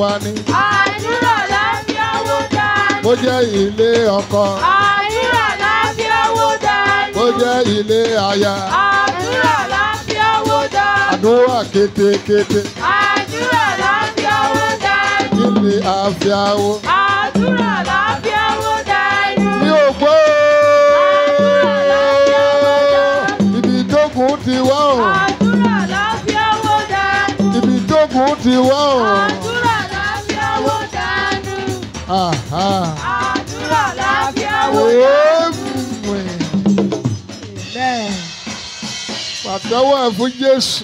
wa ni. àìnírò láfi owó dání. bó jẹ́ ilé ọkọ. àìnírò láfi owó dání. bó jẹ́ ilé aya. àìnírò láfi owó dání. àdúrà kétékété. àìnírò láfi owó dání. ilé àfiáwó. àdúrà láfi owó dání. mi ò ibi tó kù ti wá o. ibi tó kù ti wá o àdúrà láfíà wò ó. pàtẹ́wọ́ ẹ̀ fún Jésù.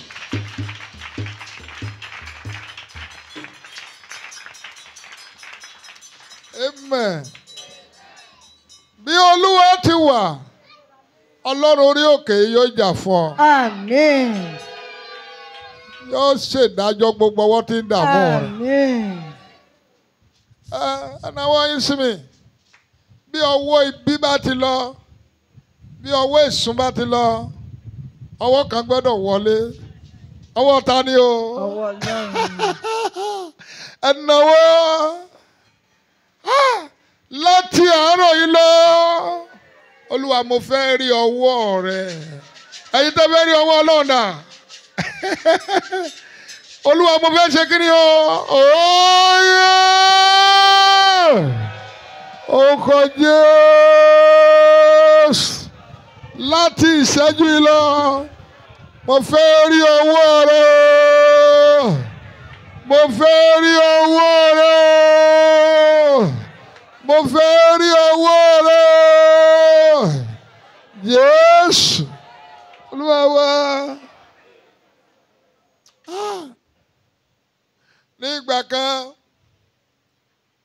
amen. bí olúwa ti wà ọlọ́run orí òkè yóò jà fún ọ. yóò ṣèdájọ́ gbogbo ọwọ́ tí ń dààmú rẹ̀ ẹnáwó yín sí mi bí ọwọ́ ibi bá ti lọ bí ọwọ́ ìsún bá ti lọ ọwọ́ kan gbọ́dọ̀ wọlé ọwọ́ ta ni o ọwọ́ ẹnáwó ah, láti àárọ̀ yìí lọ olúwa mo fẹ́ rí ọwọ́ rẹ ẹ̀yin tó fẹ́ rí ọwọ́ ọlọ́run náà olúwa mo fẹ́ ṣe kí ni o. orúkọ Jésù láti ìṣẹ́jú yìí lọ mo fẹ́ rí owó rẹ mo fẹ́ rí owó rẹ mo fẹ́ rí owó rẹ Jésù Olúwa ah! nígbà kan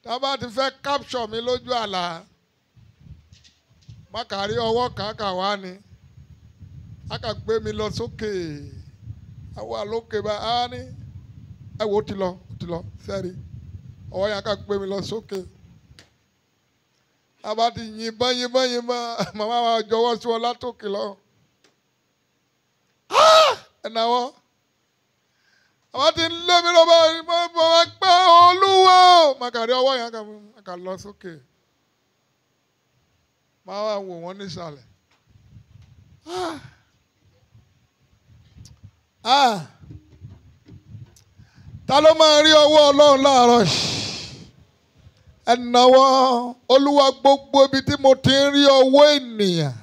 tá a bá ti fẹ́ capture mi lójú àlá má kàrí ọwọ́ kàákà wá ni a kà gbé mi lọ sókè àwa lókè bá a ní ẹ wo ti lọ ti lọ sẹ́rí ọwọ́ yẹn a kà gbé mi lọ sókè a bá ti yìnbọn yìnbọn yìnbọn màmá wa jọ̀wọ́ sí wọn látòkè lọ ah! ẹ náwó àwọn ti lé mi lọ́wọ́ akàrí ọwọ́ yẹn kà lọ sókè máa wá wò wọ́n nísàlẹ̀ ah! Ah! ta ló máa rí ọwọ́ ọlọ́run láàárọ̀ ẹ̀nàwọ́ olúwa gbogbo ibi tí mo ti ń rí ọwọ́ ènìyàn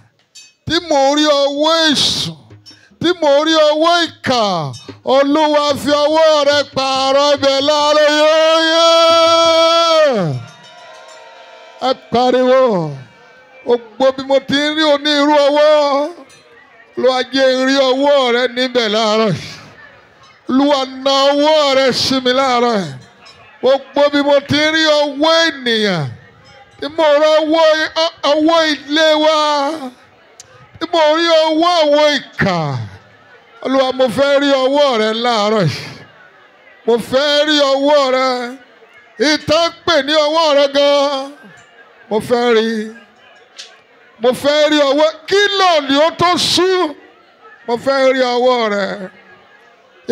tí mo rí ọwọ́ èṣù tí mò ń rí owó ìkà olúwa fi ọwọ́ rẹ pààrọ̀ ibẹ̀ láàárọ̀ yóò ẹ pariwo gbogbo bí mo ti ń rí onírú owó olúwa jẹ́ ń rí owó rẹ níbẹ̀ láàárọ̀ olúwa na owó rẹ sí mi láàárọ̀ gbogbo bí mo ti ń rí owó ènìyàn tí mo rọ owó ilé wa tí mo rí owó àwọn ìkà olúwa mo fẹ́ rí ọwọ́ rẹ láàárọ̀ yìí mo fẹ́ rí ọwọ́ rẹ ìtàn pè ní ọwọ́ rẹ gan-an mo fẹ́ rí mo fẹ́ rí ọwọ́ kí ni ó tó sú mo fẹ́ rí ọwọ́ rẹ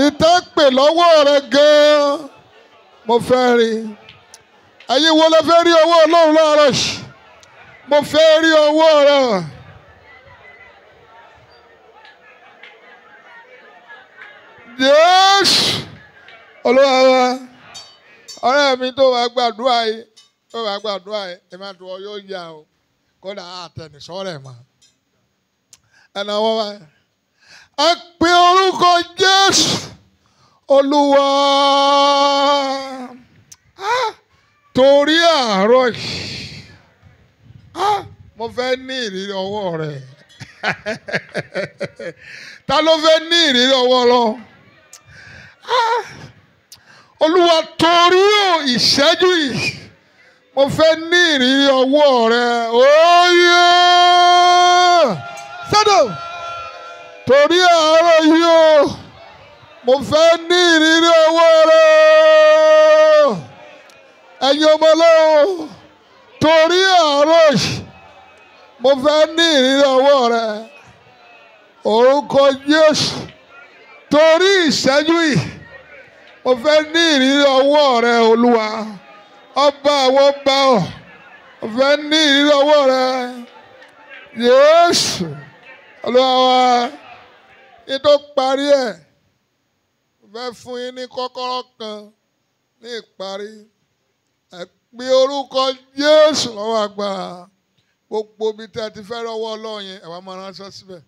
ìtàn pè lọ́wọ́ rẹ gan mo fẹ́ rí ẹ̀yin wo lè fẹ́ rí ọwọ́ ọlọ́run láàárọ̀ yìí mo fẹ́ rí ọwọ́ rẹ. Jésù olúwa wa ọ̀rẹ́ mi tó wá gbàdúrà yìí tó wá gbàdúrà yìí ẹ má tó ọ yà o kódà àtẹnusọ́rẹ̀ mọ́ ẹnà wọn wá ẹ pe orúkọ Jésù olúwa torí àárọ̀ yìí mo fẹ́ ní ìrírí ọwọ́ rẹ̀ ta ló fẹ́ ní ìrírí ọwọ́ lọ olúwa torí ò ìṣẹ́jú yìí mo fẹ́ ní ìrírí ọwọ́ rẹ óyè sọ́dọ̀ torí àárọ̀ yìí o mo fẹ́ ní ìrírí ọwọ́ rẹ ẹ̀yin ọmọ lọ́wọ́ torí àárọ̀ yìí mo fẹ́ ní ìrírí ọwọ́ rẹ orúkọ Jésù torí ìṣẹ́jú yìí mo fẹ́ ní ìrírí ọwọ́ rẹ olúwa ọba àwọn ọba ọ mo fẹ́ ní ìrírí ọwọ́ rẹ yéésù olúwa wa ní tó parí ẹ̀ mo fẹ́ fún yín ní kọ́kọ́rọ́ kan ní ìparí ẹ pe orúkọ yéésù lọ́wọ́ agbára gbogbo ibi tí a ti fẹ́ rọwọ́ ọlọ́run yẹn ẹ wá máa ránṣẹ́ síbẹ̀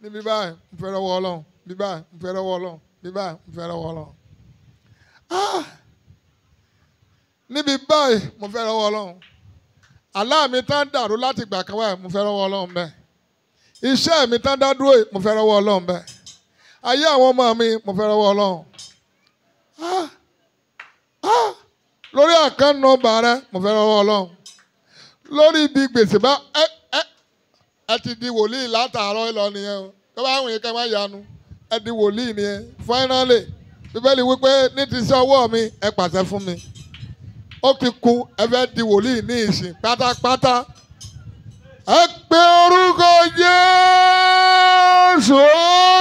níbi báyìí mo fẹ́ rọwọ́ ọlọ́run bí báyìí ń fẹ́rẹ̀ wọ́ lọ́n bí báyìí ń fẹ́rẹ̀ wọ́ lọ́n ah! níbi báyìí mo fẹ́rẹ̀ wọ́ lọ́n àlá mi tán dàrú láti gbà kan wáyé mo fẹ́rẹ̀ wọ́ lọ́n bẹ́ẹ̀ iṣẹ́ mi tán dá dúró mo fẹ́rẹ̀ wọ́ lọ́n bẹ́ẹ̀ ayé àwọn ọmọ mi mo fẹ́rẹ̀ wọ́ lọ́n lórí àkánnà bàárẹ̀ mo fẹ́rẹ̀ wọ́ lọ́n lórí ibi gbèsè bá ẹ ti di wòlíì látàárọ̀ ìlọ nìyẹn o tó bá wùn yín ká má yanu ẹ wòlíì ni ẹ finally bíbélì wípé ní ti iṣẹ́ ọwọ́ mi ẹ pàṣẹ fún mi ó ti kun ẹ fẹ́ di wòlíì ní ìsìn pátápátá ẹ pé orúkọ Jésù.